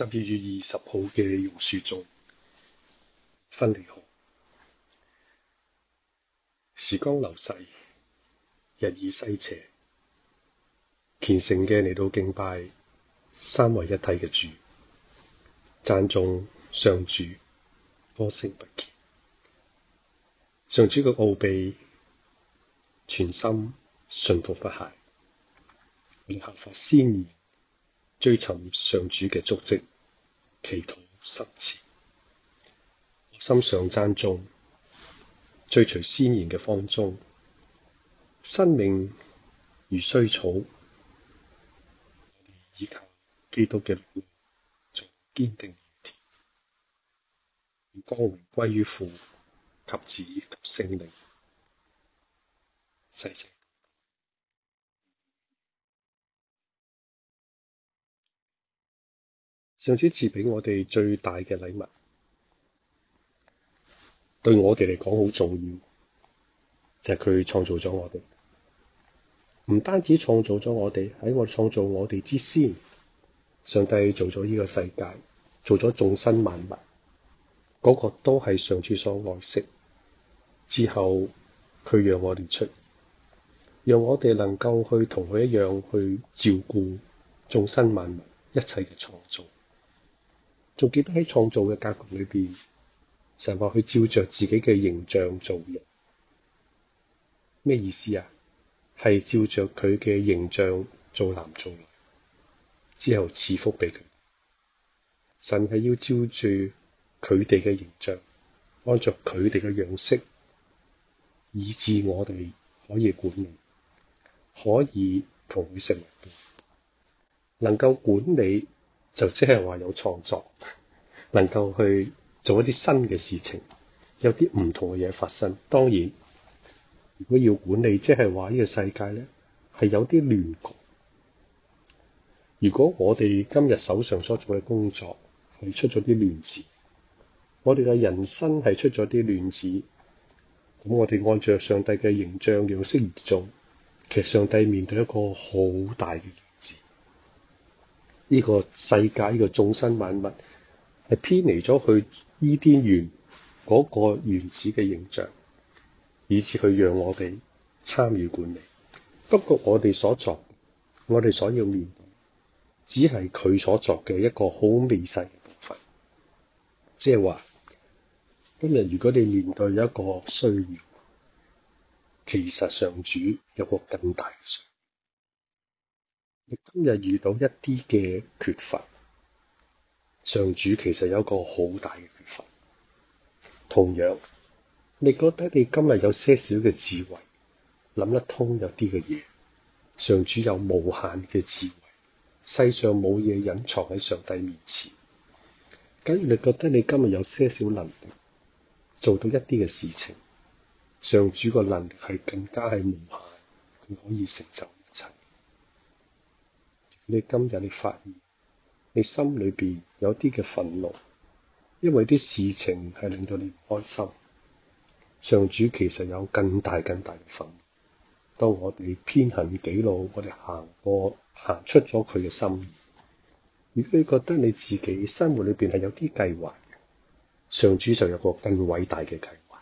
十二月二十號嘅榕樹中分離號，時光流逝，日已西斜，虔誠嘅嚟到敬拜三位一體嘅主，讚頌上主，歌聲不竭。上主嘅奧秘全心信服不懈，我哋佛服先追尋上主嘅足跡。祈禱心切，心想爭中，追隨先賢嘅芳蹤。生命如衰草，我哋依靠基督嘅父，做堅定如鐵，將光榮歸於父及子及聖靈。謝上主賜俾我哋最大嘅禮物，對我哋嚟講好重要，就係、是、佢創造咗我哋。唔單止創造咗我哋，喺我創造我哋之先，上帝做咗呢個世界，做咗眾生萬物嗰、那個都係上主所愛惜。之後佢讓我哋出，讓我哋能夠去同佢一樣去照顧眾生萬物一切嘅創造。仲記得喺創造嘅格局裏邊，神話佢照着自己嘅形象造人，咩意思啊？係照着佢嘅形象做男做女，之後賜福俾佢。神係要照住佢哋嘅形象，按着佢哋嘅樣式，以致我哋可以管理，可以同佢成為伴，能夠管理。就即係話有創作，能夠去做一啲新嘅事情，有啲唔同嘅嘢發生。當然，如果要管理，即係話呢個世界咧，係有啲亂局。如果我哋今日手上所做嘅工作係出咗啲亂子，我哋嘅人生係出咗啲亂子，咁我哋按照上帝嘅形象樣式而做，其實上帝面對一個好大嘅。呢個世界嘅個眾生萬物係偏離咗佢伊甸園嗰個原始嘅形象，以致佢讓我哋參與管理。不過我哋所作，我哋所要面對,只係佢所作嘅一個好微細嘅部分。即係話，今日如果你面對一個需要，其實上主有個更大嘅需要。你今日遇到一啲嘅缺乏，上主其實有個好大嘅缺乏。同樣，你覺得你今日有些少嘅智慧，諗得通有啲嘅嘢，上主有無限嘅智慧，世上冇嘢隱藏喺上帝面前。假如你覺得你今日有些少能力，做到一啲嘅事情，上主個能力係更加係無限，佢可以成就。你今日你發現你心裏邊有啲嘅憤怒，因為啲事情係令到你唔開心。上主其實有更大更大嘅憤怒。當我哋偏行己路，我哋行過，行出咗佢嘅心意。如果你覺得你自己生活裏邊係有啲計劃，上主就有個更偉大嘅計劃。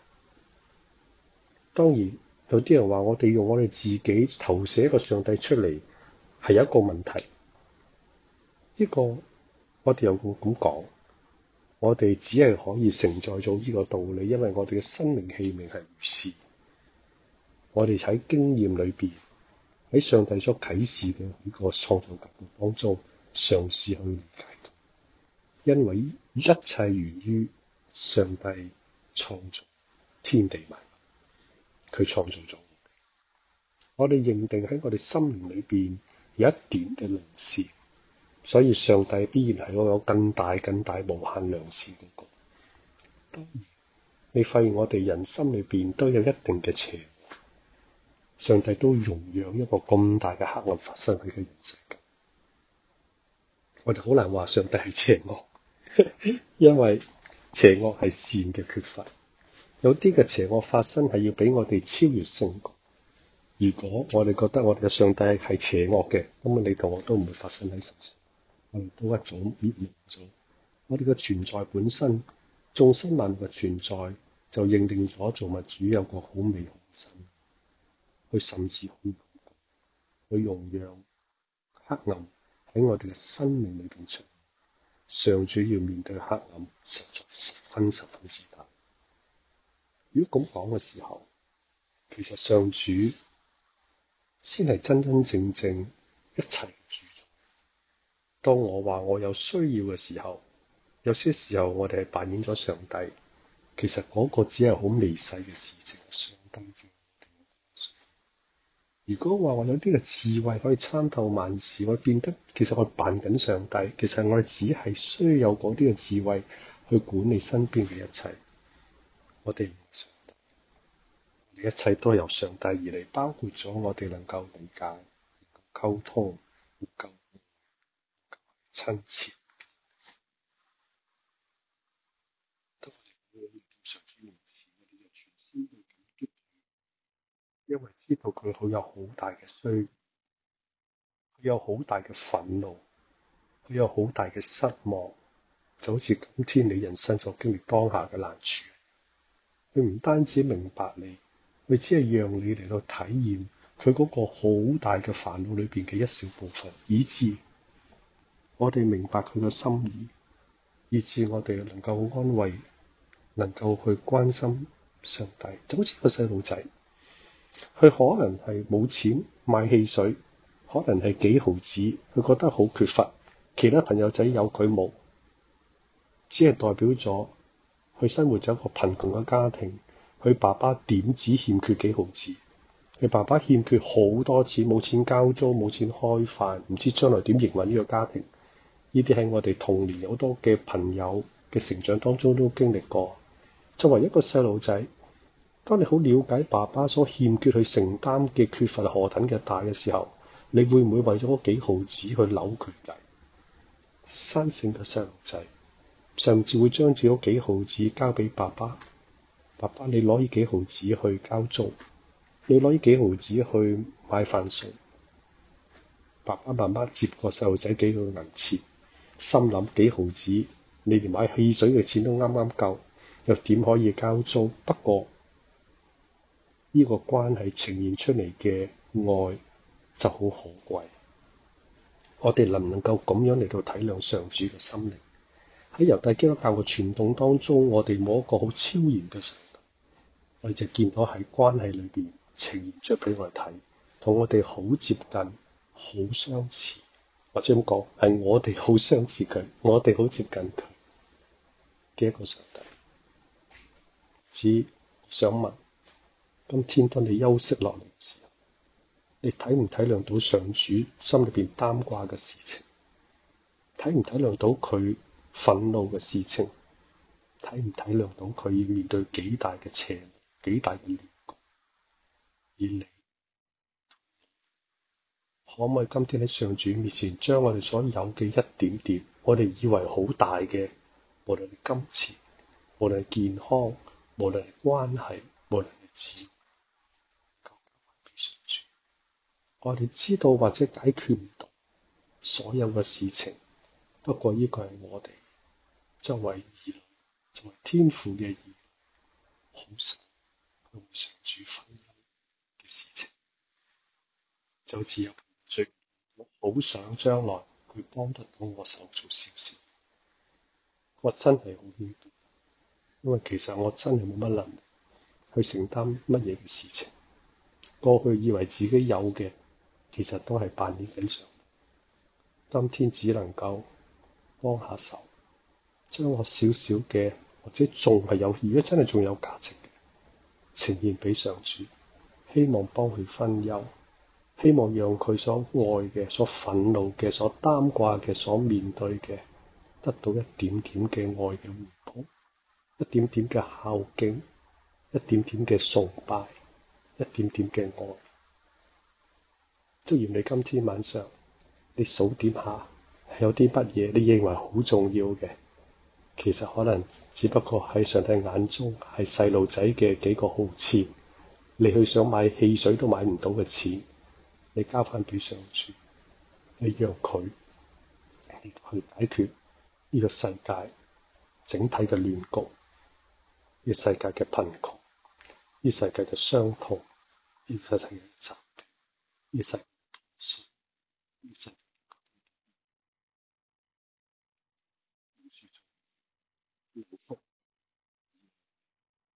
當然，有啲人話我哋用我哋自己投射一個上帝出嚟，係有一個問題。呢、這個我哋有咁講，我哋只係可以承載咗呢個道理，因為我哋嘅生命器皿係如是。我哋喺經驗裏邊，喺上帝所啟示嘅呢個創造格局當中，嘗試去理解。因為一切源於上帝創造天地萬物，佢創造咗。我哋認定喺我哋心靈裏邊有一點嘅靈視。所以上帝必然係會有更大、更大無限良善當然，你發現我哋人心裏邊都有一定嘅邪惡，上帝都容養一個咁大嘅黑暗發生喺嘅人性。我哋好難話上帝係邪惡， 因為邪惡係善嘅缺乏。有啲嘅邪惡發生係要俾我哋超越性。如果我哋覺得我哋嘅上帝係邪惡嘅，咁你同我都唔會發生喺都一種熱望咗，我哋嘅存在本身，眾生萬物嘅存在就認定咗造物主有個好美好神。佢甚至好，佢容讓黑暗喺我哋嘅生命裏邊出現。上主要面對黑暗，實在十分十分之大。如果咁講嘅時候，其實上主先係真真正正一齊當我話我有需要嘅時候，有些時候我哋係扮演咗上帝，其實嗰個只係好微細嘅事情。上帝如果話我有啲嘅智慧可以參透萬事，我變得其實我扮緊上帝，其實我哋只係需要有嗰啲嘅智慧去管理身邊嘅一切。我哋一切都係由上帝而嚟，包括咗我哋能夠理解、溝通、呼吸。親切，因為知道佢好有好大嘅衰，佢有好大嘅憤怒，佢有好大嘅失望，就好似今天你人生所經歷當下嘅難處。佢唔單止明白你，佢只係讓你嚟到體驗佢嗰個好大嘅煩惱裏邊嘅一小部分，以至。我哋明白佢個心意，以至我哋能夠好安慰，能夠去關心上帝。就好似個細路仔，佢可能係冇錢買汽水，可能係幾毫子，佢覺得好缺乏。其他朋友仔有佢冇，只係代表咗佢生活咗一個貧窮嘅家庭。佢爸爸點止欠缺幾毫子，佢爸爸欠缺好多錢，冇錢交租，冇錢開飯，唔知將來點營運呢個家庭。呢啲喺我哋童年好多嘅朋友嘅成長當中都經歷過。作為一個細路仔，當你好了解爸爸所欠缺去承擔嘅缺乏何等嘅大嘅時候，你會唔會為咗幾毫紙去扭佢計？生性嘅細路仔甚至會將自己幾毫紙交俾爸爸。爸爸，你攞呢幾毫紙去交租，你攞呢幾毫紙去買飯餸。爸爸媽媽接過細路仔幾個銀錢。心諗幾毫子，你連買汽水嘅錢都啱啱夠，又點可以交租？不過呢個關係呈現出嚟嘅愛就好可貴。我哋能唔能夠咁樣嚟到體諒上主嘅心靈？喺猶太基督教嘅傳統當中，我哋冇一個好超然嘅神，我哋就見到喺關係裏邊，呈現出畀我哋睇，同我哋好接近，好相似。話齋係我哋好相似佢，我哋好接近佢嘅一個上帝。只想問，今天當你休息落嚟嘅時候，你體唔體諒到上主心裏邊擔掛嘅事情？體唔體諒到佢憤怒嘅事情？體唔體諒到佢要面對幾大嘅邪，幾大嘅逆境？可唔可以今天喺上主面前，將我哋所有嘅一點點，我哋以為好大嘅，無論係金錢，無論係健康，無論係關係，無論係自由，交俾上主。我哋知道或者解決唔到所有嘅事情，不過呢個係我哋作為兒女，作為天父嘅兒女，好想同上主分享嘅事情，就只有。我好想將來佢幫得到我手做少少。我真係好感激，因為其實我真係冇乜能力去承擔乜嘢嘅事情。過去以為自己有嘅，其實都係扮演緊上。今天只能夠幫下手，將我少少嘅，或者仲係有，如果真係仲有價值嘅呈現俾上主，希望幫佢分憂。希望讓佢所愛嘅、所憤怒嘅、所擔掛嘅、所面對嘅，得到一點點嘅愛嘅回報，一點點嘅孝敬，一點點嘅崇拜，一點點嘅愛。即係，你今天晚上，你數點下有啲乜嘢你認為好重要嘅？其實可能只不過喺上帝眼中係細路仔嘅幾個毫子，你去想買汽水都買唔到嘅錢。你交翻俾上主，你讓佢去解決呢個世界整體嘅亂局，呢、這個世界嘅貧窮，呢、這個、世界嘅傷痛，呢、這個世界嘅疾病呢、這個世定？這個世